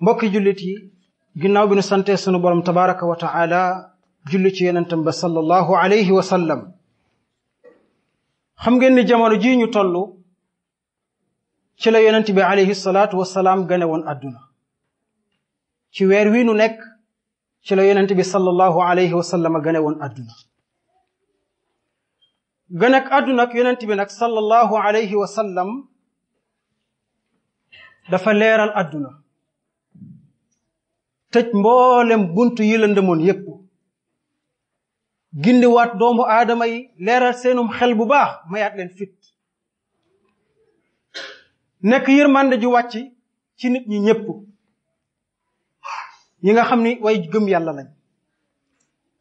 mbokki jullit yi ginnaaw bi nu sante sunu borom tabaraka wa taala julli ci yonentam ba sallallahu alayhi wa sallam xam ngeen ni jamono jii ñu toll ci la yonent bi alayhi wa wasalaam gane woon àdduna ci weer wi nu nekk ci la yonent bi sallallahu alayhi wa sallam gane woon àdduna ganek àdduna ak yonent bi nag sallallahu alayhi wa sallam dafa leeral àdduna tëj mboolem bunt yi lëndëmoon yépp gindiwaat doomu aadama yi leeral seenum xel bu baax mayaat leen fit nekk yërmande ju wàcc ci nit ñi ñépp yi nga xam ni way gëm yàlla lañ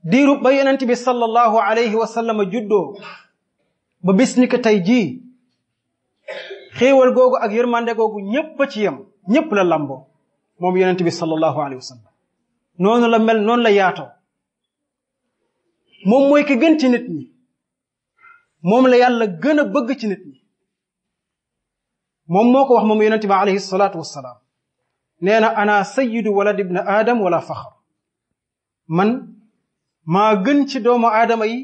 diirub ba yonent bi sallallahu alayhi wa juddoo ba bis ni tey jii xéewal googu ak yërmande googu ñépp a ci yem ñépp la làmboo moom yonent bi sallallahu alayhi wa sallam noonu la mel noonu la yaatoo moom mooy ki gën ci nit ñi moom la yàlla gën a bëgg ci nit ñi moom moo ko wax moom yonent bi alayhi salaatu wassalaam nee na ana sayyidu walad ibn aadam walla faxar man maa gën ci doomu aadama yi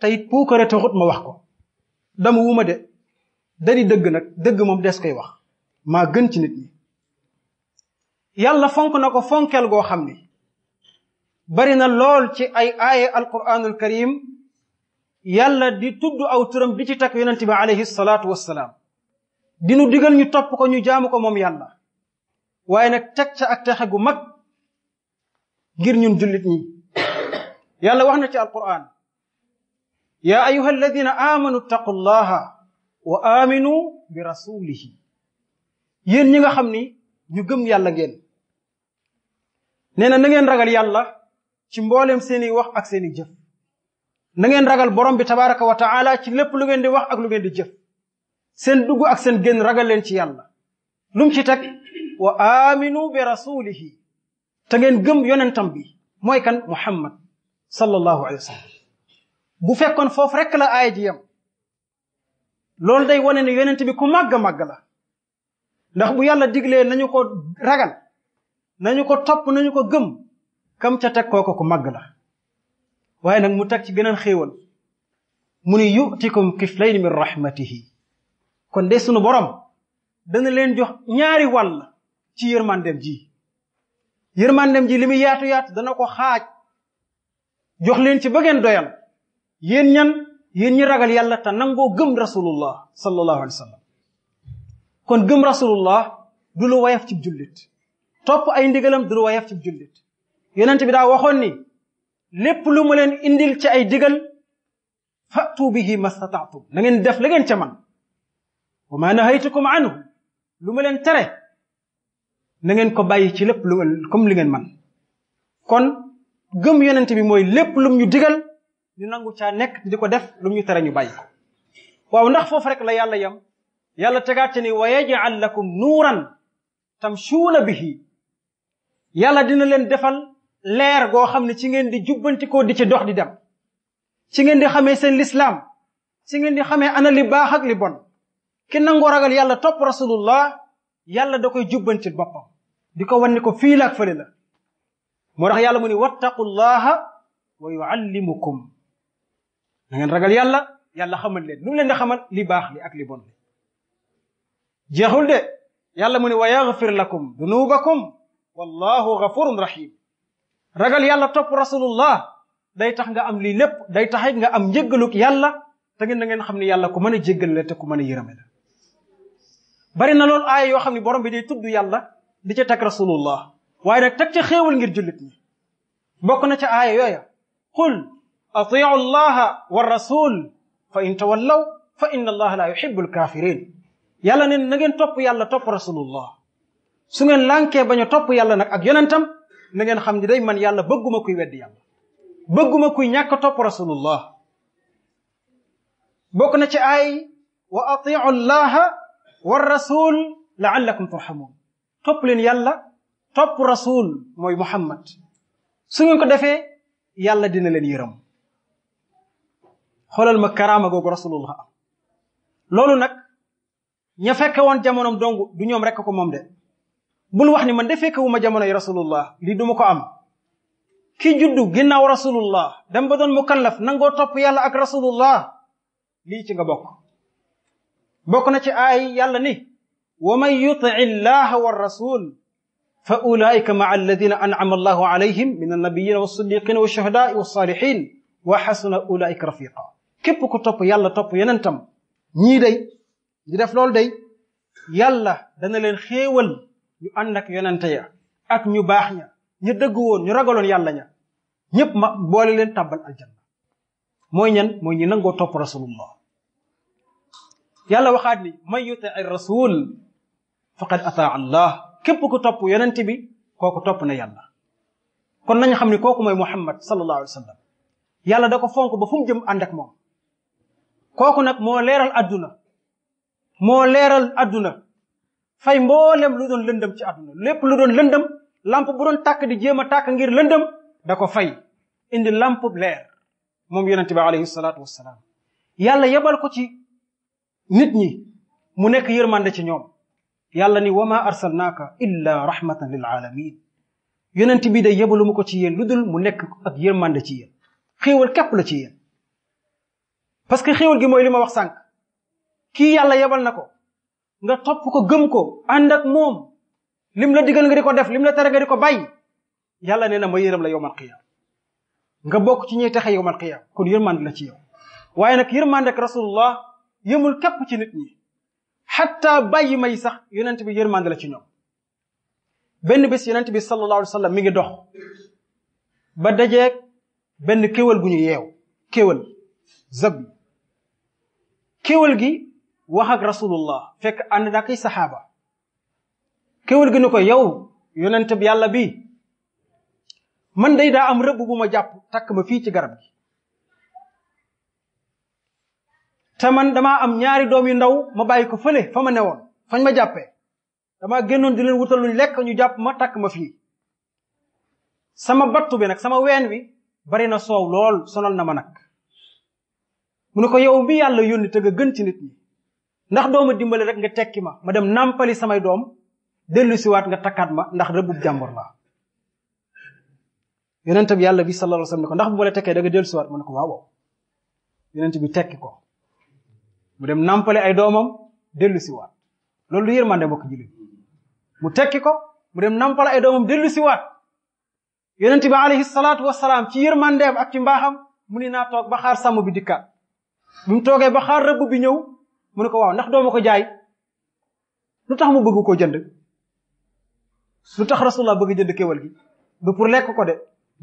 tey puukare taxut ma wax ko dama wuma de dari dëgg nag dëgg moom des koy wax maa gën ci nit ñi yàlla fonk na ko fonkeel goo xam ni bari na lool ci ay aaye alquranul karim yàlla di tudd aw turam di ci takk yonent bi alayhi salaatu wassalaam di nu digal ñu topp ko ñu jaamu ko moom yàlla waaye nag teg ca ak texe gu mag ngir ñun jullit ñi yàlla wax na ci alquran yaa ayuha alladina amanu ttaqu llaha wa aminu bi rasulihi yéen ñi nga xam ni ñu gëm yàlla ngeen nee na na ngeen ragal yàlla ci mbooleem seeni wax ak seeni jëf na ngeen ragal borom bi tabaraka wa taala ci lépp lu ngeen di wax ak lu ngeen di jëf seen dugg ak seen génn ragal leen ci yàlla lu ci teg wa aminu bi rasulihi te ngeen gëm yonentam bi mooy kan muhammad sallallahu alayhi wa sallam bu fekkoon foofu rekk la aaya ji yam loolu day wone ne yonent bi ku màgg màgg la ndax bu yàlla diglee nañu ko ragal nañu ko topp nañu ko gëm kam ca teg kooko ku màgg la waaye nag mu teg ci beneen xéewal mu ni yutikum kiflayni min rahmatihi kon de sunu borom dana leen jox ñaari wàll ci yërmandem ji yërmandem ji li muy yaatu yaat dana ko xaaj jox leen ci ba ngeen doyal yéen ñan yéen ñi ragal yàlla tan nangoo gëm rasulullah sallallahu alayhi sallam kon gëm rasulullah du lu wayaf ci jullit topp ay ndigalam du lu woyof ci jullit yonent bi daa waxoon ni lépp lu mu leen indil ci ay digal fatu bihi mastataatum na ngeen def la ngeen ca man wa ma nahaytukum anhu lu mu leen tere na ngeen ko bay ci lépp lu comme li ngeen man kon gëm yonent bi mooy lépp lum ñu digal ñu nangu caa nekk di ko def lum tere ñu bàyyi ko waaw ndax foofu rek la yàlla yam yàlla tegaat ci ni wa yaj'al lakum nuuran tamshuuna bihi Yalla dina len defal leer go xamni ci ngeen di ko di ci dox di dem ci ngeen di xamee sen l'islam ci ngeen di xamee ana li bax ak li bon ki nangoo ragal yalla top rasulullah yalla da koy jubanti bopam di ko wanni ko fi lak fele la mo tax yalla muni wattaqullaha wa yuallimukum na ngeen ragal yalla yalla xamal len num len di xamal li bax li ak li bon jeexul de yalla muni wa yaghfir lakum dunubakum wallahu ghafurun rahim ragal yàlla topp rasulullah day tax nga am lii lépp day taxit nga am njëggaluk yàlla te ngeen da ngeen xam yàlla ku mën a jéggal la te ku mën a la bari na loolu aaya yoo xam borom bi day tudd yàlla di ca teg rasulullah waaye nag teg ca xéewal ngir jullit ñi bokk na ca aaya yooya qul atiu allaha wa rasul fa in tawallaw fa inna allaha la yuhibbu alkafirin yàlla ne na ngeen topp yàlla top rasulullah su ngeen lànkee bañ a topp yàlla nag ak yonentam na ngeen xam ni day man yàlla bëgguma kuy weddi yàlla bëgguma kuy ñàkk topp rasulullah bokk na ci ay wa atiu la wa rasul laallakum turhamun topp leen yàlla topp rasul mooy muhammad su ngeen ko defee yàlla dina leen yërëm xoolal ma karaama googu rasulullah am loolu nag ña fekke woon jamonoom dong du ñoom rekk ko moom de bul wax ni man de jamono yi rasulullah li duma ko am ki juddu ginnaaw rasulullah dem ba doon mukallaf nangoo topp yàlla ak rasulullah lii ci nga bokk bokk na ci aay yàlla ni wa man yuti llaha wa rasul fa ulaika maa alladina anama allahu alayhim min annabiyina walsiddiqina walshuhadaai walsalihin wa xasuna ulaika rafiqa képp ko topp yàlla topp yenentam ñii day di def loolu day yàlla dana leen xéewal ñu ànd ak yonante ya ak ñu baax ña ñu dëgg woon ñu ragaloon yàlla ña ñëpp ma boole leen tàbbal aljanna mooy ñan mooy ñi nangoo topp rasulullah yàlla waxaat ni may ar rasul faqad ata allah képp ku topp yonante bi kooku topp na yàlla kon nañu xam ni kooku muhammad sallallahu alaihi wasallam yàlla da ko fonk ba fu mu jëm ànd ak moom kooku nag moo leeral àdduna moo leeral fay mbool lu doon lëndëm ci àdduna lépp lu doon lëndëm lamp bu doon tàkk di jéem a tàkk ngir lëndëm da ko fay indi lamp leer moom yonente bi alayhi salaatu yàlla yebal ko ci nit ñi mu nekk yërmande ci ñoom yàlla ni wa ma arsalnaaka illa rahmatan lil alamin yonent bi day mu ko ci yéen lu mu nekk ak yërmande ci yéen xéewal képp la ci yéen parce que gi mooy ma wax sànq kii yàlla yebal na ko nga topp ko gëm ko ànd ak moom lim la digal nga di ko def lim la tere nga di ko bàyyi yàlla nee na ma yërëm la yow man qiyam nga bokk ci ñuy taxe man qiyam kon yërmande la ci yow waaye nag yërmande ak rasulullah yëmul képp ci nit ñi xatta bàyyi may sax yonent bi yërmande la ci ñoom benn bis yonent bi sallallahu alayhi wa sallam mi ngi dox ba dajeeg benn kéwal bu ñu yeew kéwal zab kéwal gi wax ak rasulullah fekk ànd na Sahaba, ke kéwal gënu ko yow yonent bi yàlla bi man day daa am rëbb bu ma jàpp ma fii ci garab gi te man dama am ñaari doom yu ndaw ma bàyyi ko fële fa ma newoon fañ ma jàppee dama génnoon di leen wutal luñ lekk ñu jàpp ma takk ma fii sama battu bi nag sama ween wi bari na soow lool sonal na ma nag mu ne ko yow bi yàlla yónni te gën ci nit ñi ndax dooma dimbali rek nga tekki ma ma dem nampali samay doom delu ci wat nga takkat ma ndax rëbbub jambor la yonentab yalla bi sallallahu alaihi wasallam ndax bu wala tekke da nga delu ci wat mu ko waaw waaw bi tekki ko mu dem nampali ay doomam delu ci wat lolou du yermande bokk julit mu tekki ko mu dem nampala ay doomam delu ci wat yonente bi alayhi salatu wassalam ci yermande ak ci mbaxam muni ni naa ba xaar sàmm bi dikkaat bu mu ba xaar bi ñew mu ne ko waaw ndax doo ko jaay lu tax mu bëgg koo jënd lu tax rasulullah bëgg jënd kéwal gi du pour lekk ko de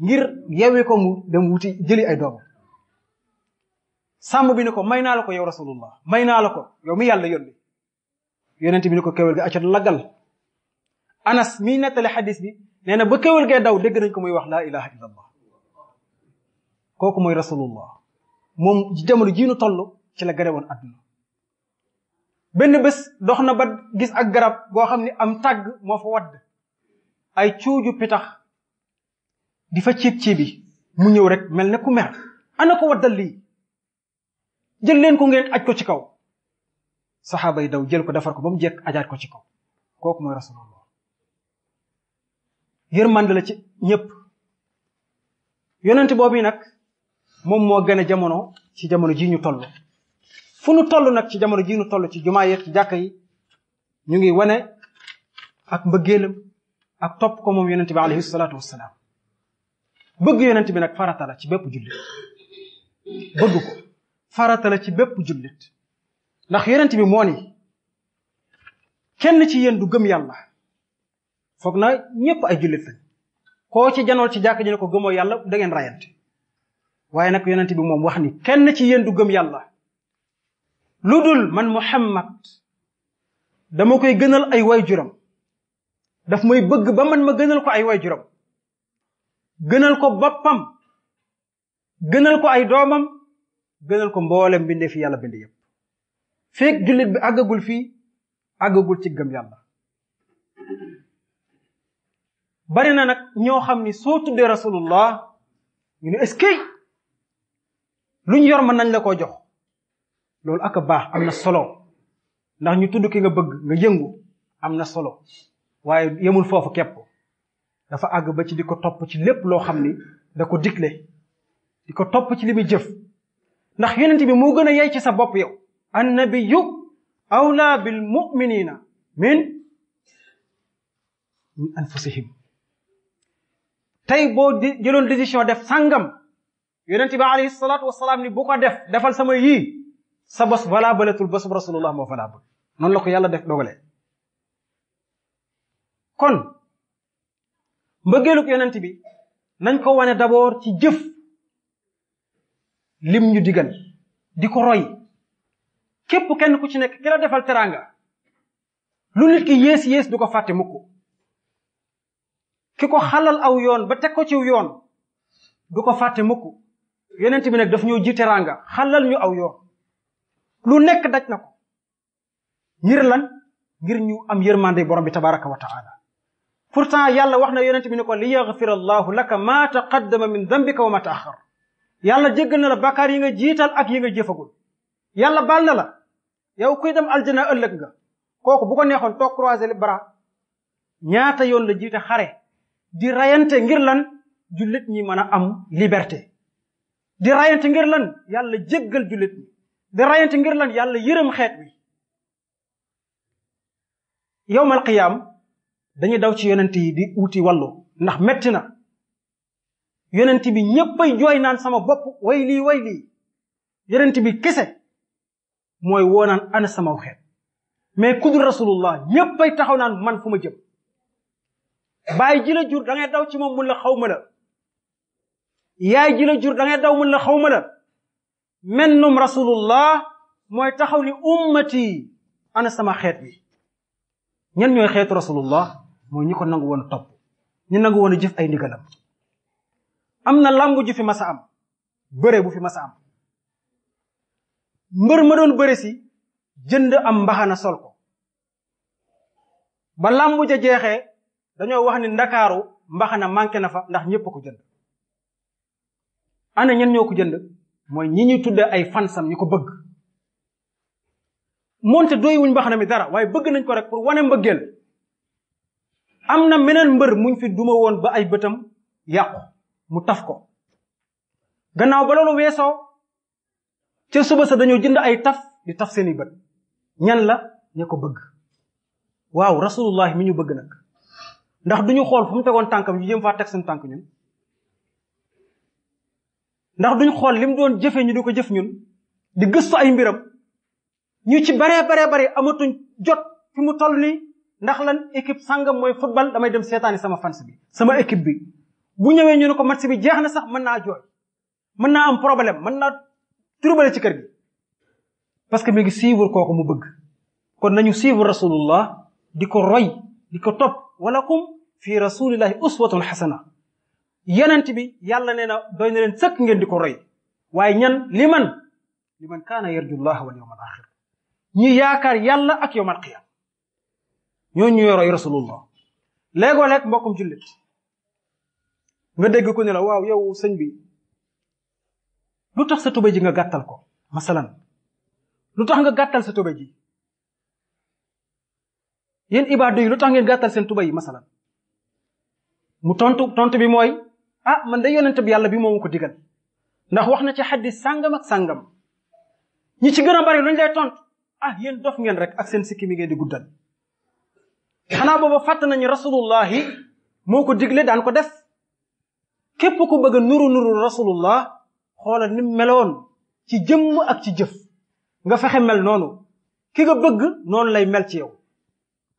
ngir yewi ko mu dem wuti jëli ay doomam sàmm bi ne ko may naa la ko yow rasulullah may naa la ko yow mi yàlla yónni yonent bi ne ko kéwal gi acat lagal anas mi nettale xadis bi nee na ba kéwal gee daw dégg nañ ko muy wax laa ilaha illa allah kooku mooy rasulullah moom jamono jii nu toll ci la gare woon àdduna benn bés dox na ba gis ak garab goo xam ne am tàgg moo fa wadd ay cuuju pitax di fa ciib ciibi mu ñëw rek mel ne ku mer ana ko waddal lii jël leen ko ngeen aj ko ci kaw saxaaba yi daw jël ko defar ko ba mu jekk ajaat ko ci kaw kooku mooy rasulullah yërmande la ci ñépp yonent boobu nag moom moo gën a jamono ci jamono ji ñu toll fu nu tollu nag ci jamono ji nu tollu ci jumaa yeeg ci jàkka yi ñu ngi wane ak mbëggeelam ak top ko moom yonente bi alayhi salatu wassalaam bëgg yonente bi nag farata la ci bépp jullit bëgg ko farata la ci bépp jullit ndax yonente bi moo ni kenn ci yéen du gëm yàlla foog na ñépp ay jullit lañ koo ci janool ci jàkk ji ne ko gëmoo yàlla da ngeen rayante waaye nag yonente bi moom wax ni kenn ci yéen du gëm yàlla lu dul man Muhammad dama koy gënal ay waajuram daf may bëgg ba man ma gënal ko ay waajuram gënal ko bappam gënal ko ay doomam gënal ko mboolem mbindeef yàlla bind yëpp feek jullit bi àggagul fii àggagul ci gëm bari na nag ñoo xam ni soo tuddee rasulullah ñu ne est-ce lu ñu yor mën nañ la ko jox loolu ak baax am na solo ndax ñu tudd ki nga bëgg nga yëngu am na solo waaye yemul foofu kepp dafa àgg ba ci di ko topp ci lépp loo xam ni da ko digle di ko topp ci li jëf ndax yonent bi moo gën a yey ci sa bopp yow annabiyu awlaa bil muminina min min anfusihim tey boo jëloon décision def sangam yonent bi alayhi salaatu wasalaam ni bu ko def defal sama yii sa bos valaa baletul bosub rasulullah moo valaa bël noonu la ko yàlla def dogalee kon mbëggeeluk yonent bi nañ ko wane d'abord ci jëf lim ñu digal di ko roy képp kenn ku ci nekk ki defal teraanga lu nit ki yées yées du ko fàtte mukk ki ko xalal aw yoon ba teg ko ciw yoon du ko fàtte mukk yonent bi nag daf ñoo ji teraanga xalal ñu aw yoon lu nekk daj na ko ngir lan ngir ñu am yërmande borom bi tabaraka wa taala pourtant yàlla wax na yonent bi ne ko li yaxfira allahu laka ma taqaddama min dambika wa ma taaxar yàlla jéggal na la bakkaar yi nga jiital ak yi nga jëfagul yàlla baal na la yow kuy dem aljana ëllëg nga kooku bu ko neexoon toog croiser bara bras ñaata yoon la jiita xare di rayante ngir lan jullit ñi mën a am liberté di rayante ngir lan yàlla jéggal jullit ñi di rayante ngir lan yàlla yërëm xeet wi yowmal qiyaam dañuy daw ci yonent yi di wuti wàllu ndax metti na yonent bi ñéppay jooy naan sama bopp way lii way lii yonent bi kese mooy woo naan ana sama xeet mais ku dul rasulullah ñéppay taxaw naan man fu ma jëm baay ji la jur dangay daw ci moom mun la xaw ma la yaay ji jur dangay daw mun la xaw ma la mennum rasulullah moy taxaw ni ummati ana sama xet bi ñan ñoy xetu rasulullah moy ñiko ko nangu woon topp ñi nangu won jëf ay ndigalam amna lambu ju fi masa am bëre bu fi masa am mbeur ma doon bëre ci jënd am mbaxana sol ko ba lambu ja jexé dañu wax ni ndakaru mbaxana manké na fa ndax ñepp ko jënd ana ñan ñoko jënd mooy ñii ñu tudde ay fansam ñu ko bëgg moonte doy wuñ mbaxana mi dara waaye bëgg nañ ko rek pour wane mbëggeel am na meneen mbër muñ fi duma woon ba ay bëtam yàqu mu taf ko gannaaw ba loolu weesoo ca suba sa dañoo jënd ay taf di taf seeni bët ñan la ña ko bëgg waaw rasulullah mi ñu bëgg nag ndax ñu xool fu mu tegoon tànkam ñu jëm faa teg seen tànk ñun ndax duñ xool lim doon jëfe ñu di ko jëf ñun di gëstu ay mbiram ñu ci baree baree bare amatuñ jot fi mu toll nii ndax lan équipe sàngam mooy football damay dem seetaani sama fans bi sama équipe bi bu ñëwee ñu ko match bi jeex na sax mën naa jooy mën naa am problème mën naa turbale ci kër gi parce que mi ngi suivre kooku mu bëgg kon nañu suivre rasulullah di ko roy di ko top topp walakum fi rasulillahi uswatun xasana yenen bi yalla nena doyna len sekk ngeen di ko roy waye ñan li man li man yarju allah wal al akhir ñi yaakar yalla ak al qiyam ñoo ñu yoro rasulullah lego lek mbokum julit nga dégg ko ne la waw yow señ bi lu sa tobe ji nga gattal ko masalan lu nga gattal sa tobe ji yen ibadu yi lu ngeen gattal sen tobe yi masalan mu tontu tontu bi moy ah man da yonent bi yàlla bi moo ko digal ndax wax na ci xaddis sàngam ak sàngam ñi ci gën a bari luñ lay tontu ah yéen dof ngeen rek ak seen sikki mi ngeen di guddal xanaa booba fàtt nañu rasulullahi moo ko digle daan ko def képp ku bëgg a nuru nuru rasulullah xoolal ni meloon ci jëmm ak ci jëf nga fexe mel noonu ki nga bëgg noonu lay mel ci yow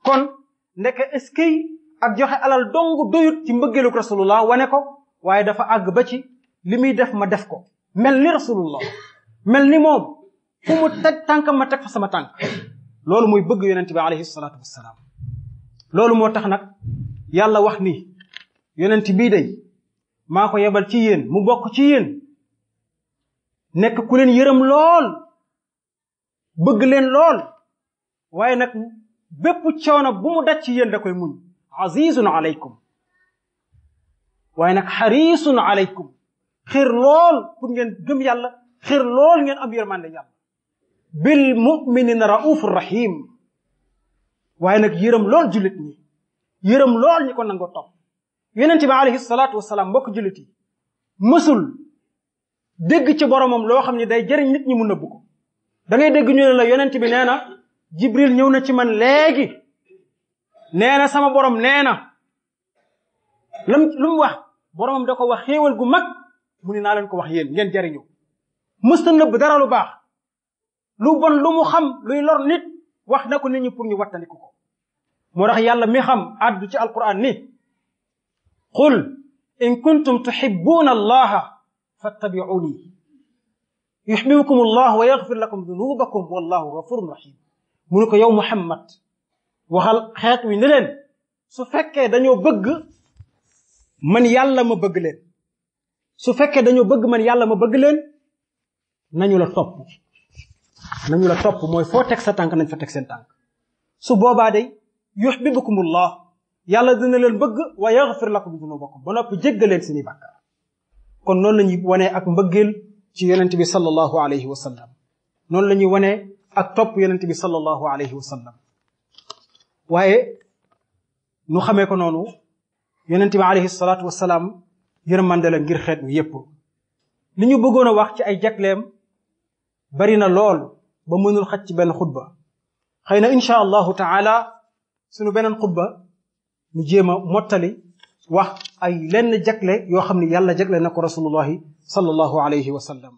kon ndeke eskay ak joxe alal dong doyut ci mbëggeeluk rasulullah wane ko waaye dafa àgg ba ci li muy def ma def ko mel ni rasulullah mel ni moom fu mu teg tànkam ma teg fa sama tànk loolu mooy bëgg yonent bi alayhi salaatu wassalaam loolu moo tax nag yàlla wax ni yonent bii day maako yebal ci yéen mu bokk ci yéen nekk ku leen yërëm lool bëgg leen lool waaye nag bépp coono bu mu daj ci yéen da koy muñ azizun alaykum waaye nag xariisun aleykum xir lool pour ngeen gëm yàlla xir lool ngeen am yërmande yàlla bil muminina raufur rahim waaye nag yërëm lool jullit ñi yërëm lool ñi ko nangoo topp ti bi alayhi salaatu wasalaam mbokk jullit yi mësul dégg ci boromam loo xam ne day jëriñ nit ñi mu nëbb ko da ngay dégg ñu ne la yonent bi jibril ñëw na ci man léegi nee na sama borom nee na lam lu mu wax boromam dako wax xewal gu mag mu na naa ko wax yéen ngeen jariñu musta neub dara lu bax lu bon lu mu xam luy lor nit wax nako nit ñi pour ñu watani ko mo tax yàlla mi xam àddu ci alquran ni qul in kuntum tuhibbuna allaha fattabi'uni yuhibbukum الله ويغفر لكم ذنوبكم والله غفور رحيم rahim يوم محمد وخال yow muhammad waxal xeet wi ni leen man yàlla ma bëgg leen su fekkee dañu bëgg man yàlla ma bëgg leen nañu la topp nañu la topp mooy foo teg sa tànk nañ fa teg seen tànk su boobaa day yuxbibukumullah yàlla dina leen bëgg wa yaxfir lakum dunubakum ba nopp jéggal leen seeni bàkkaar kon noonu la ñuy wanee ak mbëggeel ci yonente bi sallallahu alayhi wa sallam noonu la ñuy wanee ak topp yonente bi sallallahu alayhi wa sallam waaye nu xamee ko noonu yonent bi alayhi salaatu wasalaam yërmande la ngir xeet wi yépp li ñu bëggoon a wax ci ay jagleem bari na lool ba mënul xaj ci benn xutba xëy na incha allahu taala suñu beneen xutba ñu jéem a mottali wax ay lenn jagle yoo xam ne yàlla jagle na ko rasulullahi sallallahu alayhi wa sallam